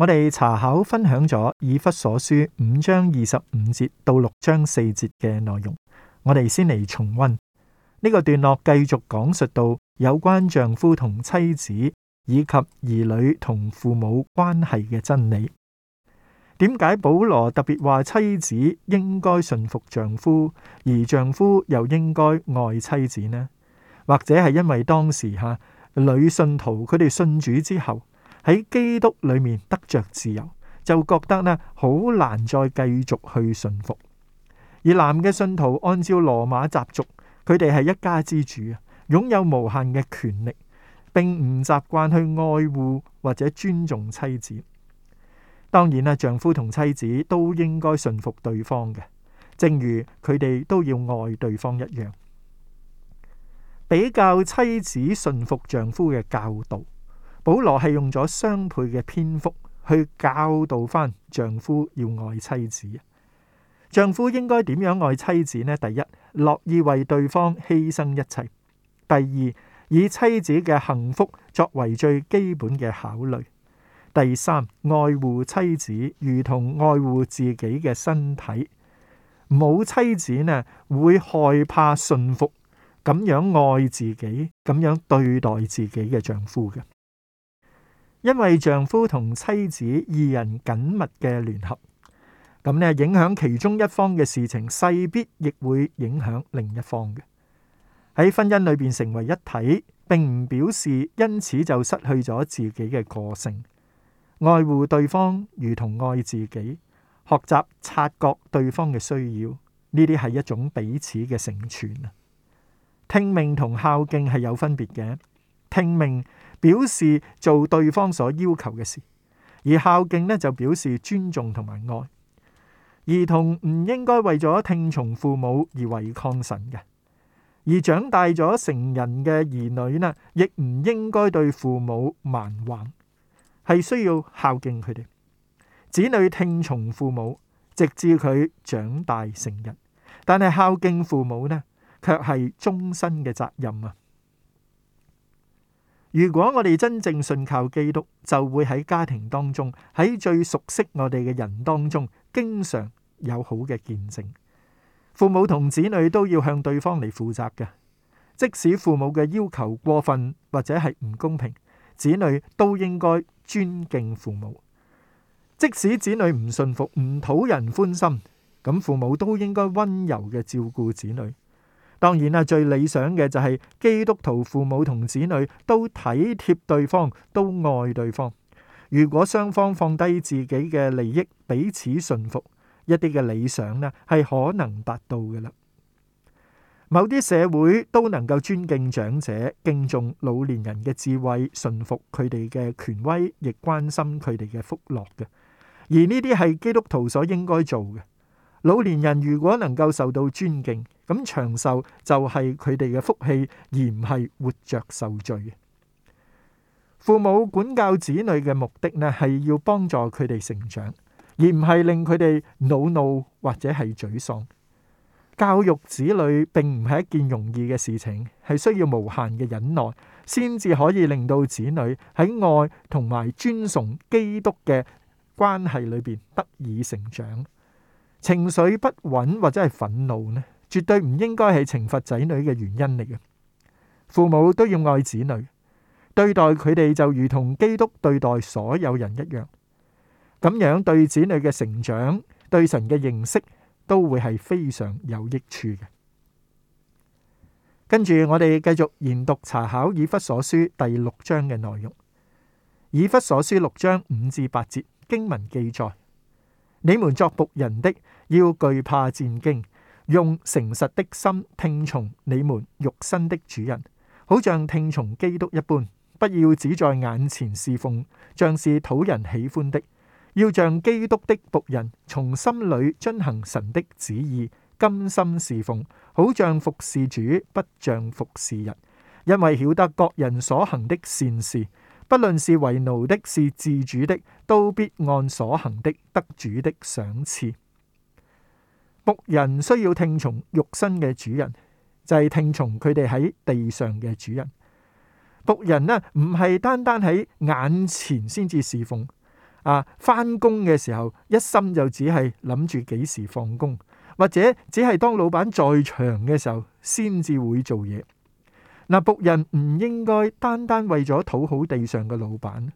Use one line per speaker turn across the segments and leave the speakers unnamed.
我哋查考分享咗以弗所書五章二十五節到六章四節嘅內容，我哋先嚟重溫呢個段落，繼續講述到有關丈夫同妻子以及兒女同父母關係嘅真理。點解保羅特別話妻子應該順服丈夫，而丈夫又應該愛妻子呢？或者係因為當時吓女信徒佢哋信主之後。喺基督裏面得着自由，就覺得呢好難再繼續去順服。而男嘅信徒按照羅馬習俗，佢哋係一家之主啊，擁有無限嘅權力，並唔習慣去愛護或者尊重妻子。當然啦，丈夫同妻子都應該順服對方嘅，正如佢哋都要愛對方一樣。比較妻子順服丈夫嘅教導。保羅係用咗雙倍嘅篇幅去教導翻丈夫要愛妻子。丈夫應該點樣愛妻子呢？第一，樂意為對方犧牲一切；第二，以妻子嘅幸福作為最基本嘅考慮；第三，愛護妻子如同愛護自己嘅身體。冇妻子呢，會害怕順服咁樣愛自己，咁樣對待自己嘅丈夫嘅。因為丈夫同妻子二人緊密嘅聯合，咁呢，影響其中一方嘅事情，勢必亦會影響另一方嘅。喺婚姻裏邊成為一體，並唔表示因此就失去咗自己嘅個性。愛護對方如同愛自己，學習察覺對方嘅需要，呢啲係一種彼此嘅成全啊！聽命同孝敬係有分別嘅，聽命表示做對方所要求嘅事，而孝敬呢就表示尊重同埋愛。兒童唔應該為咗聽從父母而違抗神嘅，而長大咗成人嘅兒女呢，亦唔應該對父母蠻橫，係需要孝敬佢哋。子女聽從父母，直至佢長大成人，但係孝敬父母呢，卻係終身嘅責任啊！如果我哋真正信靠基督，就會喺家庭當中，喺最熟悉我哋嘅人當中，經常有好嘅見證。父母同子女都要向對方嚟負責嘅。即使父母嘅要求過分或者係唔公平，子女都應該尊敬父母。即使子女唔信服、唔討人歡心，咁父母都應該溫柔嘅照顧子女。當然啦，最理想嘅就係基督徒父母同子女都體貼對方，都愛對方。如果雙方放低自己嘅利益，彼此順服，一啲嘅理想呢係可能達到嘅啦。某啲社會都能夠尊敬長者，敬重老年人嘅智慧，順服佢哋嘅權威，亦關心佢哋嘅福樂嘅，而呢啲係基督徒所應該做嘅。老年人如果能夠受到尊敬，咁長壽就係佢哋嘅福氣，而唔係活着受罪。父母管教子女嘅目的咧，係要幫助佢哋成長，而唔係令佢哋惱怒或者係沮喪。教育子女並唔係一件容易嘅事情，係需要無限嘅忍耐，先至可以令到子女喺愛同埋尊崇基督嘅關係裏邊得以成長。情緒不穩或者係憤怒呢，絕對唔應該係懲罰仔女嘅原因嚟嘅。父母都要愛子女，對待佢哋就如同基督對待所有人一樣，咁樣對子女嘅成長、對神嘅認識，都會係非常有益處嘅。跟住我哋繼續研讀查考以弗所書第六章嘅內容，以弗所書六章五至八節經文記載。你們作僕人的，要懼怕戰兢，用誠實的心聽從你們肉身的主人，好像聽從基督一般。不要只在眼前侍奉，像是討人喜歡的，要像基督的僕人，從心裏遵行神的旨意，甘心侍奉，好像服侍主，不像服侍人，因為曉得各人所行的善事。不論是為奴的，是自主的，都必按所行的得主的賞賜。僕人需要聽從肉身嘅主人，就係聽從佢哋喺地上嘅主人。僕人咧唔係單單喺眼前先至侍奉，啊，返工嘅時候一心就只係諗住幾時放工，或者只係當老闆在場嘅時候先至會做嘢。嗱，僕人唔應該單單為咗討好地上嘅老闆，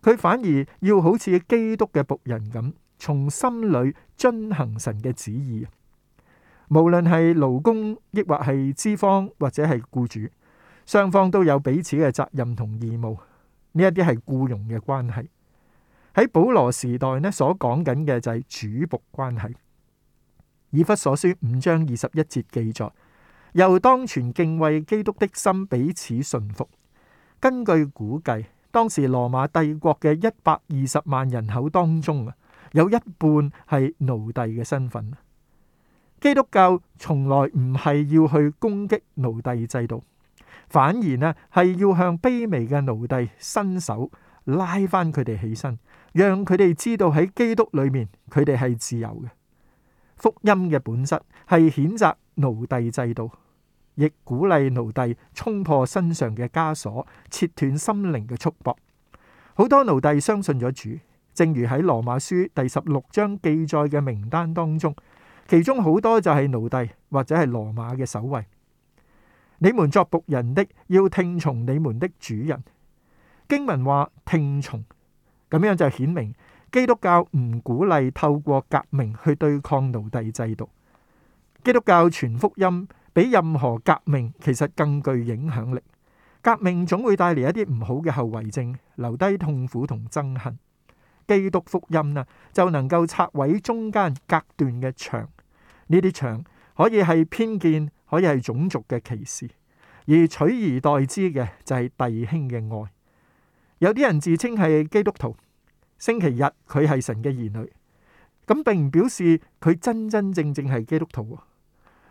佢反而要好似基督嘅僕人咁，從心裏遵行神嘅旨意。無論係勞工，抑或係資方，或者係雇主，雙方都有彼此嘅責任同義務。呢一啲係雇傭嘅關係。喺保羅時代呢，所講緊嘅就係主僕關係。以弗所書五章二十一節記載。由又當全敬畏基督的心彼此順服。根據估計，當時羅馬帝國嘅一百二十萬人口當中啊，有一半係奴隸嘅身份。基督教從來唔係要去攻擊奴隸制度，反而呢係要向卑微嘅奴隸伸手，拉翻佢哋起身，讓佢哋知道喺基督裏面佢哋係自由嘅。福音嘅本質係譴責。奴隸制度亦鼓勵奴隸衝破身上嘅枷鎖，切斷心靈嘅束縛。好多奴隸相信咗主，正如喺羅馬書第十六章記載嘅名單當中，其中好多就係奴隸或者係羅馬嘅守衛。你們作僕人的要聽從你們的主人。經文話聽從，咁樣就顯明基督教唔鼓勵透過革命去對抗奴隸制度。基督教全福音比任何革命其實更具影響力。革命總會帶嚟一啲唔好嘅後遺症，留低痛苦同憎恨。基督福音啊，就能夠拆毀中間隔斷嘅牆。呢啲牆可以係偏見，可以係種族嘅歧視，而取而代之嘅就係弟兄嘅愛。有啲人自稱係基督徒，星期日佢係神嘅兒女，咁並唔表示佢真真正正係基督徒。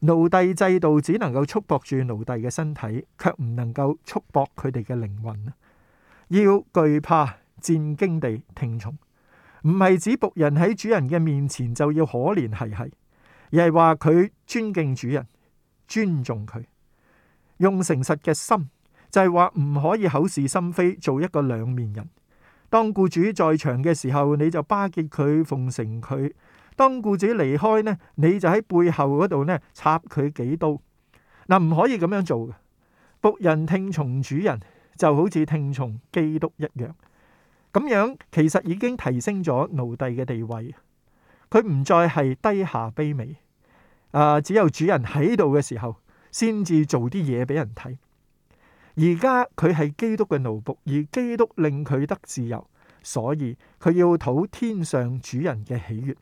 奴隸制度只能夠束縛住奴隸嘅身體，卻唔能夠束縛佢哋嘅靈魂。要懼怕、戰兢地聽從，唔係指僕人喺主人嘅面前就要可憐兮兮，而係話佢尊敬主人、尊重佢，用誠實嘅心，就係話唔可以口是心非，做一個兩面人。當僱主在場嘅時候，你就巴結佢、奉承佢。當雇主離開呢，你就喺背後嗰度咧插佢幾刀嗱，唔可以咁樣做嘅。僕人聽從主人，就好似聽從基督一樣咁樣，其實已經提升咗奴隸嘅地位，佢唔再係低下卑微啊。只有主人喺度嘅時候，先至做啲嘢俾人睇。而家佢係基督嘅奴僕，而基督令佢得自由，所以佢要討天上主人嘅喜悅。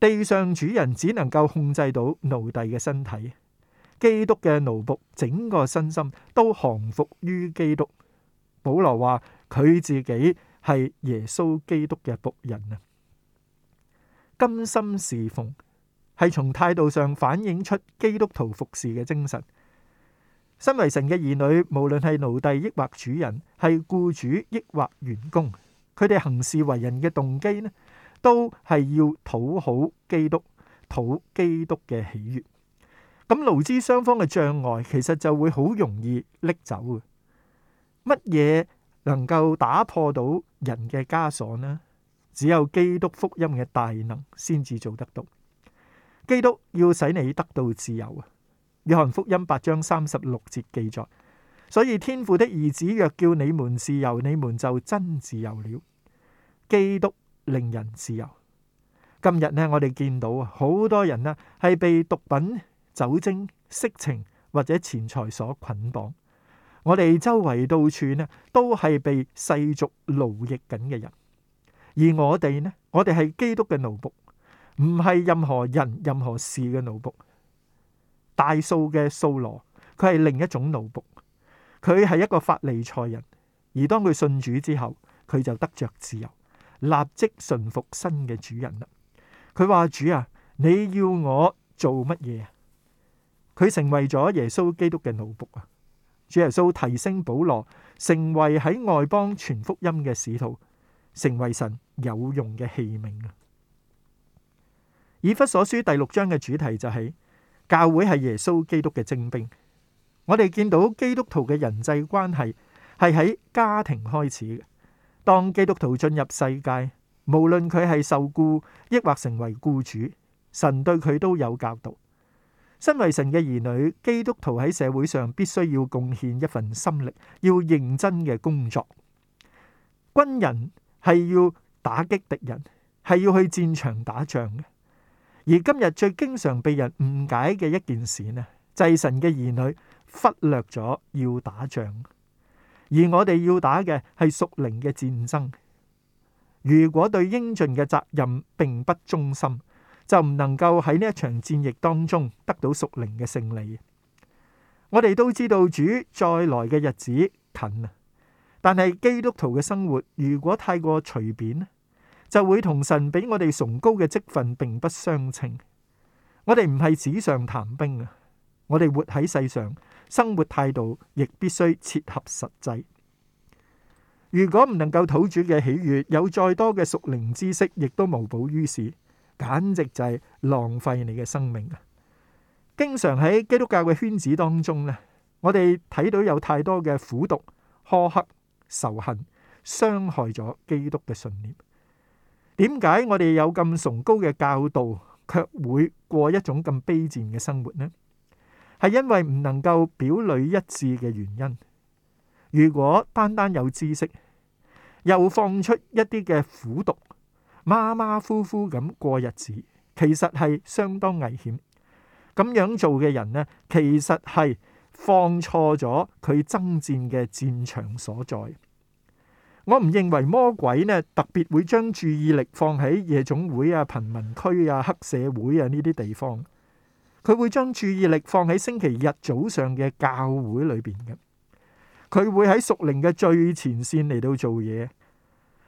地上主人只能夠控制到奴隸嘅身體，基督嘅奴僕整個身心都降服於基督。保羅話佢自己係耶穌基督嘅僕人啊，甘心侍奉係從態度上反映出基督徒服侍嘅精神。身為神嘅兒女，無論係奴隸抑或主人，係僱主抑或員工，佢哋行事為人嘅動機呢？都係要討好基督，討基督嘅喜悅。咁勞資雙方嘅障礙，其實就會好容易拎走嘅。乜嘢能夠打破到人嘅枷鎖呢？只有基督福音嘅大能先至做得到。基督要使你得到自由啊！約翰福音八章三十六節記載，所以天父的兒子若叫你們自由，你們就真自由了。基督，令人自由。今日呢，我哋見到啊，好多人呢係被毒品、酒精、色情或者錢財所捆綁。我哋周圍到處呢都係被世俗奴役緊嘅人，而我哋呢，我哋係基督嘅奴僕，唔係任何人、任何事嘅奴僕。大數嘅掃羅，佢係另一種奴僕，佢係一個法利賽人，而當佢信主之後，佢就得着自由。立即順服新嘅主人啦！佢話，主啊，你要我做乜嘢啊？佢成為咗耶穌基督嘅奴僕啊！主耶穌提升保羅，成為喺外邦傳福音嘅使徒，成為神有用嘅器皿啊！以弗所書第六章嘅主題就係教會係耶穌基督嘅精兵。我哋見到基督徒嘅人際關係係喺家庭開始嘅。當基督徒進入世界，無論佢係受雇，抑或成為僱主，神對佢都有教導。身為神嘅兒女，基督徒喺社會上必須要貢獻一份心力，要認真嘅工作。軍人係要打擊敵人，係要去戰場打仗嘅。而今日最經常被人誤解嘅一件事呢，就係神嘅兒女忽略咗要打仗。而我哋要打嘅係屬靈嘅戰爭。如果對英俊嘅責任並不忠心，就唔能夠喺呢一場戰役當中得到屬靈嘅勝利。我哋都知道主再來嘅日子近啊，但係基督徒嘅生活如果太過隨便，就會同神俾我哋崇高嘅職份並不相稱。我哋唔係紙上談兵啊！我哋活喺世上，生活態度亦必須切合實際。如果唔能夠討主嘅喜悅，有再多嘅屬靈知識，亦都無補於事，簡直就係浪費你嘅生命啊！經常喺基督教嘅圈子當中呢，我哋睇到有太多嘅苦毒、苛刻、仇恨，傷害咗基督嘅信念。點解我哋有咁崇高嘅教導，卻會過一種咁卑賤嘅生活呢？係因為唔能夠表裏一致嘅原因，如果單單有知識，又放出一啲嘅苦毒，馬馬虎虎咁過日子，其實係相當危險。咁樣做嘅人呢，其實係放錯咗佢爭戰嘅戰場所在。我唔認為魔鬼呢特別會將注意力放喺夜總會啊、貧民區啊、黑社會啊呢啲地方。佢會將注意力放喺星期日早上嘅教會裏邊嘅。佢會喺屬靈嘅最前線嚟到做嘢。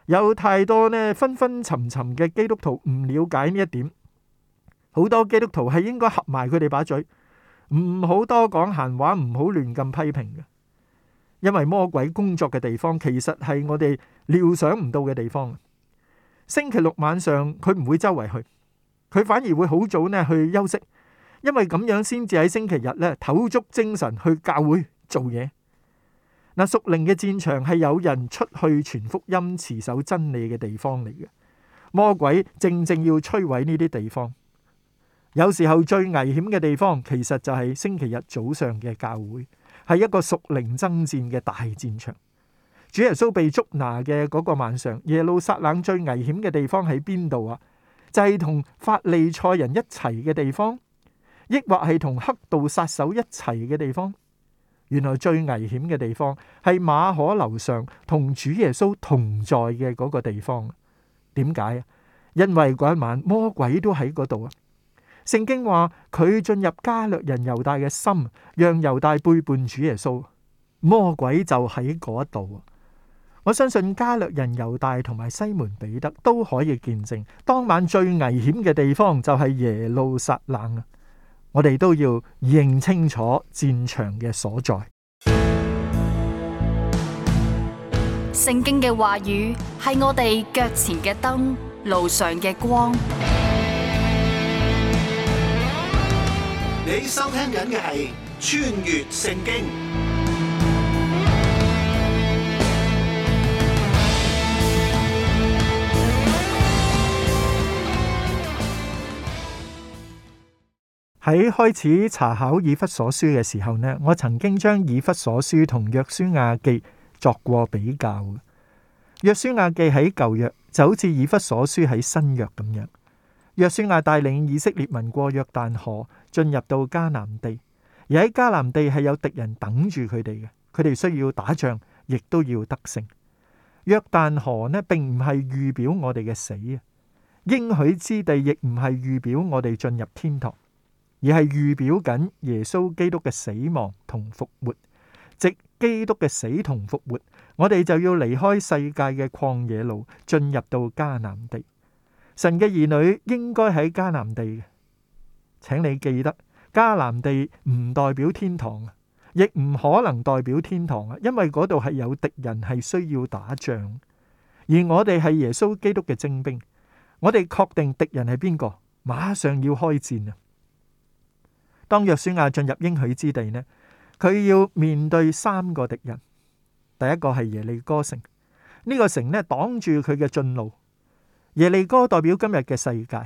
有太多呢，昏昏沉沉嘅基督徒唔瞭解呢一點。好多基督徒係應該合埋佢哋把嘴，唔好多講閒話，唔好亂咁批評嘅。因為魔鬼工作嘅地方其實係我哋料想唔到嘅地方。星期六晚上佢唔會周圍去，佢反而會好早呢去休息。因為咁樣先至喺星期日咧，唞足精神去教會做嘢。嗱，屬靈嘅戰場係有人出去傳福音、持守真理嘅地方嚟嘅。魔鬼正正要摧毀呢啲地方。有時候最危險嘅地方，其實就係星期日早上嘅教會，係一個屬靈爭戰嘅大戰場。主耶穌被捉拿嘅嗰個晚上，耶路撒冷最危險嘅地方喺邊度啊？就係同法利賽人一齊嘅地方。抑或係同黑道殺手一齊嘅地方，原來最危險嘅地方係馬可樓上同主耶穌同在嘅嗰個地方。點解啊？因為嗰一晚魔鬼都喺嗰度啊。聖經話佢進入加略人猶大嘅心，讓猶大背叛主耶穌。魔鬼就喺嗰度。我相信加略人猶大同埋西門彼得都可以見證，當晚最危險嘅地方就係耶路撒冷啊。我哋都要認清楚戰場嘅所在。聖經嘅話語係我哋腳前嘅燈，路上嘅光。你收聽緊嘅係《穿越聖經》。喺開始查考以弗所書嘅時候呢，我曾經將以弗所書同約書亞記作過比較。約書亞記喺舊約就好似以弗所書喺新約咁樣。約書亞帶領以色列民過約旦河，進入到迦南地，而喺迦南地係有敵人等住佢哋嘅，佢哋需要打仗，亦都要得勝。約旦河呢，並唔係預表我哋嘅死啊，應許之地亦唔係預表我哋進入天堂。而係預表緊耶穌基督嘅死亡同復活，即基督嘅死同復活，我哋就要離開世界嘅曠野路，進入到迦南地。神嘅兒女應該喺迦南地嘅，請你記得，迦南地唔代表天堂，亦唔可能代表天堂啊，因為嗰度係有敵人係需要打仗，而我哋係耶穌基督嘅精兵，我哋確定敵人係邊個，馬上要開戰啊！當約書亞進入應許之地呢，佢要面對三個敵人。第一個係耶利哥城，呢個城呢，擋住佢嘅進路。耶利哥代表今日嘅世界，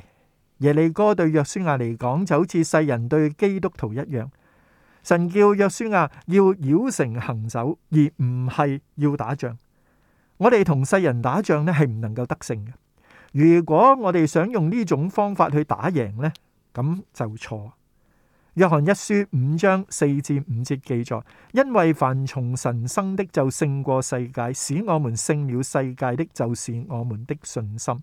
耶利哥對約書亞嚟講就好似世人對基督徒一樣。神叫約書亞要繞城行走，而唔係要打仗。我哋同世人打仗呢係唔能夠得勝嘅。如果我哋想用呢種方法去打贏呢，咁就錯。約翰一書五章四至五節記載：「因為凡從神生的就勝過世界，使我們勝了世界的，就是我們的信心。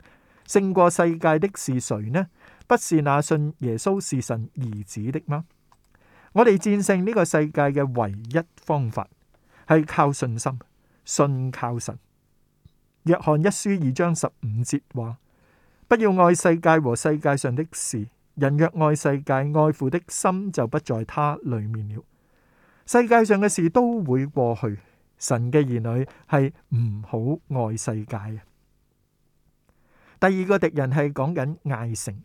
勝過世界的是誰呢？不是那信耶穌是神兒子的嗎？我哋戰勝呢個世界嘅唯一方法係靠信心，信靠神。」約翰一書二章十五節話：「不要愛世界和世界上的事。」人若愛世界，愛父的心就不在他裏面了。世界上嘅事都會過去，神嘅兒女係唔好愛世界嘅。第二個敵人係講緊艾城，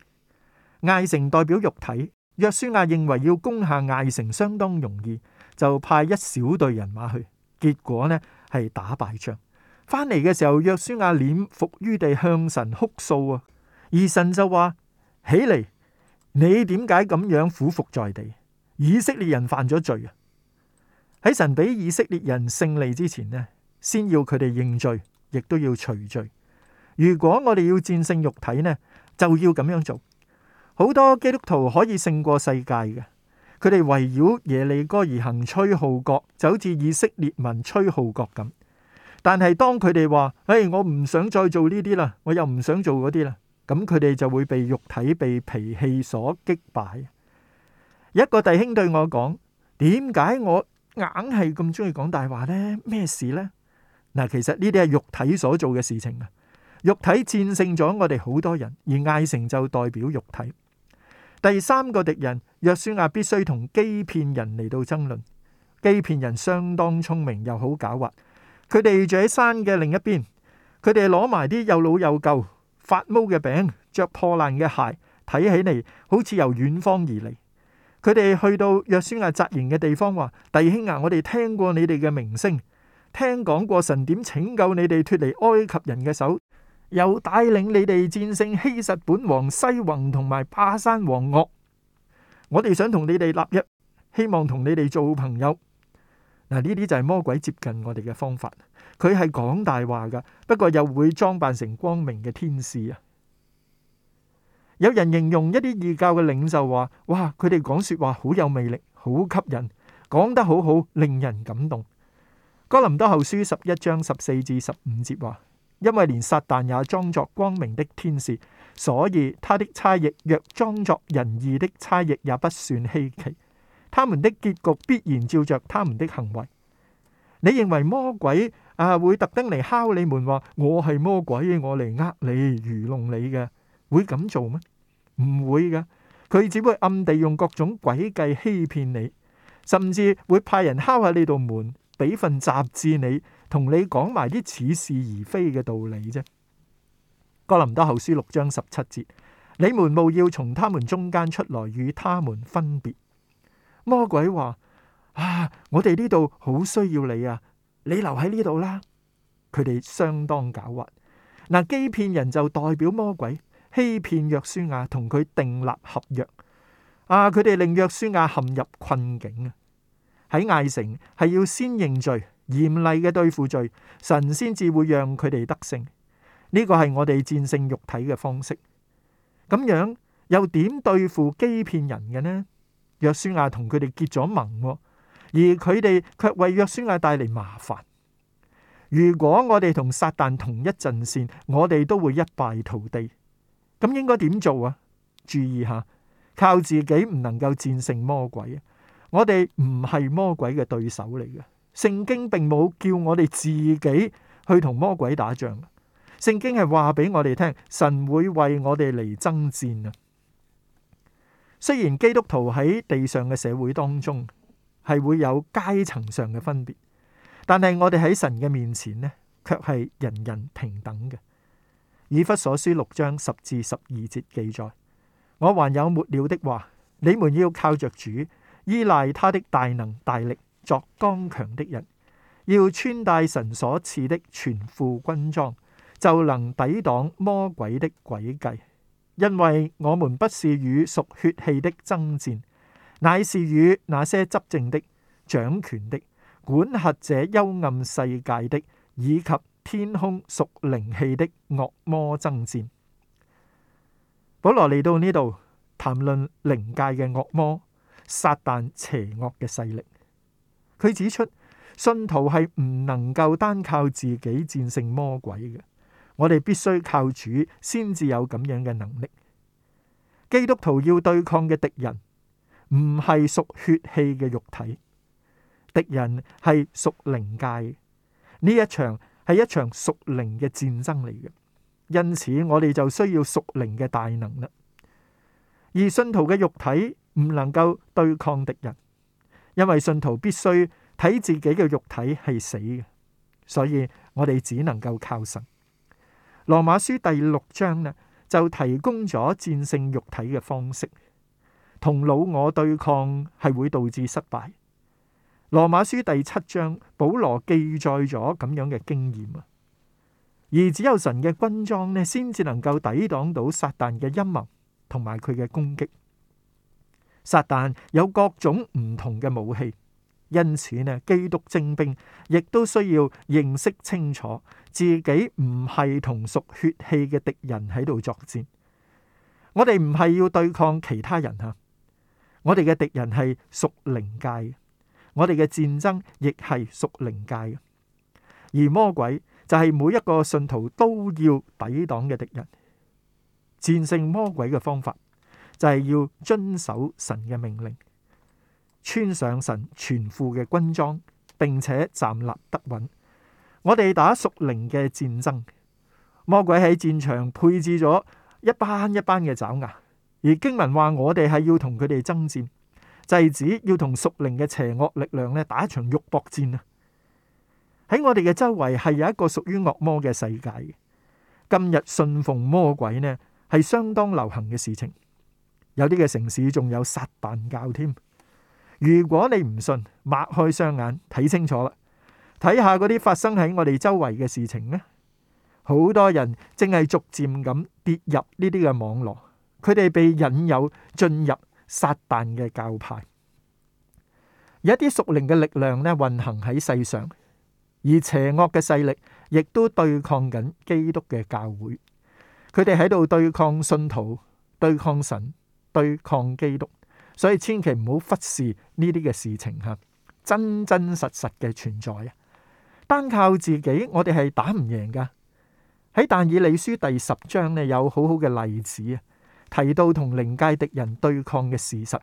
艾城代表肉體。約書亞認為要攻下艾城相當容易，就派一小隊人馬去，結果呢係打敗仗。翻嚟嘅時候，約書亞臉伏於地向神哭訴啊，而神就話：起嚟。你點解咁樣俯伏在地？以色列人犯咗罪啊！喺神俾以色列人勝利之前呢，先要佢哋認罪，亦都要除罪。如果我哋要戰勝肉體呢，就要咁樣做。好多基督徒可以勝過世界嘅，佢哋圍繞耶利哥而行吹號角，就好似以色列民吹號角咁。但係當佢哋話：哎，我唔想再做呢啲啦，我又唔想做嗰啲啦。咁佢哋就會被肉體、被脾氣所擊敗。一個弟兄對我講：點解我硬係咁中意講大話呢？咩事呢？嗱，其實呢啲係肉體所做嘅事情啊！肉體戰勝咗我哋好多人，而艾城就代表肉體。第三個敵人約書亞必須同基遍人嚟到爭論。基遍人相當聰明又好狡猾，佢哋住喺山嘅另一邊，佢哋攞埋啲又老又舊，發毛嘅餅，着破爛嘅鞋，睇起嚟好似由遠方而嚟。佢哋去到約書亞紮營嘅地方，話：弟兄啊，我哋聽過你哋嘅名聲，聽講過神點拯救你哋脱離埃及人嘅手，又帶領你哋戰勝希實本王西宏同埋巴山王惡。我哋想同你哋立約，希望同你哋做朋友。嗱，呢啲就係魔鬼接近我哋嘅方法。佢係講大話噶，不過又會裝扮成光明嘅天使啊！有人形容一啲異教嘅領袖話：哇，佢哋講說話好有魅力，好吸引，講得好好，令人感動。哥林多後書十一章十四至十五節話：因為連撒旦也裝作光明的天使，所以他的差役若裝作仁義的差役，也不算稀奇。他們的結局必然照着他們的行為。你認為魔鬼？啊！會特登嚟敲你門，話我係魔鬼，我嚟呃你愚弄你嘅，會咁做咩？唔會嘅，佢只會暗地用各種詭計欺騙你，甚至會派人敲下呢度門，俾份雜誌你，同你講埋啲似是而非嘅道理啫。哥林多後書六章十七節，你們務要從他們中間出來，與他們分別。魔鬼話：啊，我哋呢度好需要你啊！你留喺呢度啦，佢哋相當狡猾。嗱，欺騙人就代表魔鬼，欺騙約書亞同佢訂立合約啊！佢哋令約書亞陷入困境啊！喺艾城係要先認罪，嚴厲嘅對付罪，神先至會讓佢哋得勝。呢個係我哋戰勝肉體嘅方式。咁樣又點對付欺騙人嘅呢？約書亞同佢哋結咗盟喎。而佢哋卻為約書亞帶嚟麻煩。如果我哋同撒旦同一陣線，我哋都會一敗塗地。咁應該點做啊？注意下，靠自己唔能夠戰勝魔鬼。我哋唔係魔鬼嘅對手嚟嘅。聖經並冇叫我哋自己去同魔鬼打仗。聖經係話俾我哋聽，神會為我哋嚟爭戰啊。雖然基督徒喺地上嘅社會當中，係會有階層上嘅分別，但係我哋喺神嘅面前呢，卻係人人平等嘅。以弗所書六章十至十二節記載：我還有末了的話，你們要靠着主，依賴他的大能大力，作剛強的人，要穿戴神所賜的全副軍裝，就能抵擋魔鬼的詭計。因為我們不是與屬血氣的爭戰。乃是與那些執政的、掌權的、管轄者幽暗世界的，以及天空屬靈氣的惡魔爭戰。保羅嚟到呢度談論靈界嘅惡魔、撒但邪惡嘅勢力。佢指出，信徒係唔能夠單靠自己戰勝魔鬼嘅，我哋必須靠主先至有咁樣嘅能力。基督徒要對抗嘅敵人。唔係屬血氣嘅肉體，敵人係屬靈界，呢一場係一場屬靈嘅戰爭嚟嘅，因此我哋就需要屬靈嘅大能啦。而信徒嘅肉體唔能夠對抗敵人，因為信徒必須睇自己嘅肉體係死嘅，所以我哋只能夠靠神。羅馬書第六章呢，就提供咗戰勝肉體嘅方式。同老我對抗係會導致失敗。羅馬書第七章保羅記載咗咁樣嘅經驗啊，而只有神嘅軍裝呢，先至能夠抵擋到撒旦嘅陰謀同埋佢嘅攻擊。撒旦有各種唔同嘅武器，因此呢，基督精兵亦都需要認識清楚自己唔係同屬血氣嘅敵人喺度作戰。我哋唔係要對抗其他人啊！我哋嘅敵人係屬靈界嘅，我哋嘅戰爭亦係屬靈界嘅，而魔鬼就係每一個信徒都要抵擋嘅敵人。戰勝魔鬼嘅方法就係要遵守神嘅命令，穿上神全副嘅軍裝，並且站立得穩。我哋打屬靈嘅戰爭，魔鬼喺戰場配置咗一班一班嘅爪牙。而經文話：我哋係要同佢哋爭戰，就係指要同屬靈嘅邪惡力量咧打一場肉搏戰啊！喺我哋嘅周圍係有一個屬於惡魔嘅世界，今日信奉魔鬼呢係相當流行嘅事情，有啲嘅城市仲有殺辦教添。如果你唔信，擘開雙眼睇清楚啦，睇下嗰啲發生喺我哋周圍嘅事情呢，好多人正係逐漸咁跌入呢啲嘅網絡。佢哋被引誘進入撒旦嘅教派，有一啲屬靈嘅力量呢運行喺世上，而邪惡嘅勢力亦都對抗緊基督嘅教會。佢哋喺度對抗信徒，對抗神，對抗基督，所以千祈唔好忽視呢啲嘅事情吓，真真實實嘅存在啊！單靠自己，我哋係打唔贏噶。喺但以理書第十章咧，有好好嘅例子啊！提到同靈界敵人對抗嘅事實，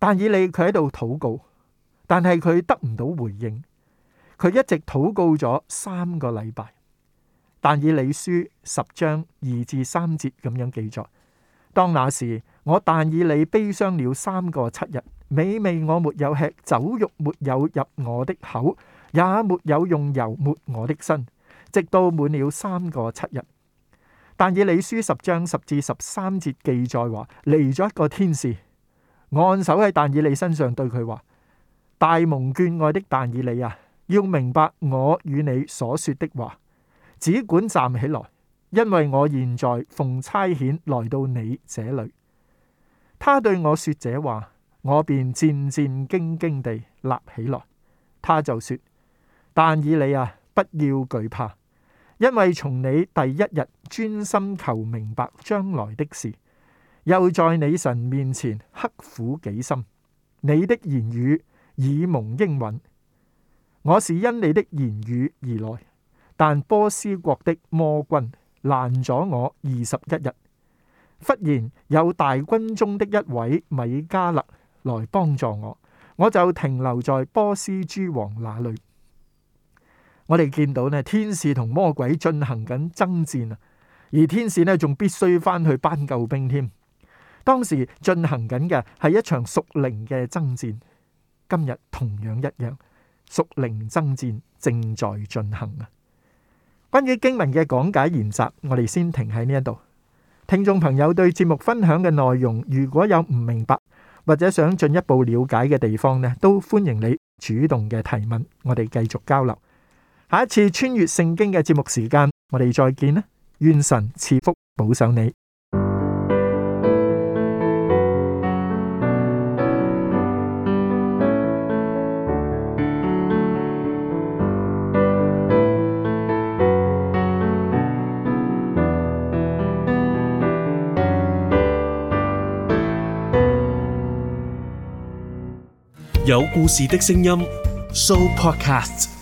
但以理佢喺度禱告，但係佢得唔到回應，佢一直禱告咗三個禮拜。但以理書十章二至三節咁樣記載：當那時，我但以理悲傷了三個七日，美味我沒有吃，酒肉沒有入我的口，也沒有用油抹我的身，直到滿了三個七日。但以理書十章十至十三節記載話，嚟咗一個天使，按手喺但以理身上對，對佢話：大蒙眷愛的但以理啊，要明白我與你所說的話，只管站起來，因為我現在奉差遣來到你這裡。他對我說這話，我便戰戰兢兢地立起來。他就說：但以理啊，不要懼怕。因為從你第一日專心求明白將來的事，又在你神面前刻苦己心。你的言語已蒙應允，我是因你的言語而來。但波斯國的魔君攔咗我二十一日，忽然有大軍中的一位米迦勒來幫助我，我就停留在波斯諸王那裏。我哋見到咧，天使同魔鬼進行緊爭戰啊，而天使咧仲必須翻去班救兵添。當時進行緊嘅係一場屬靈嘅爭戰，今日同樣一樣屬靈爭戰正在進行啊。關於經文嘅講解研習，我哋先停喺呢一度。聽眾朋友對節目分享嘅內容，如果有唔明白或者想進一步了解嘅地方咧，都歡迎你主動嘅提問，我哋繼續交流。下一次穿越聖經嘅節目時間，我哋再見啦！願神賜福保佑你。有故事的聲音，Sooopodcast。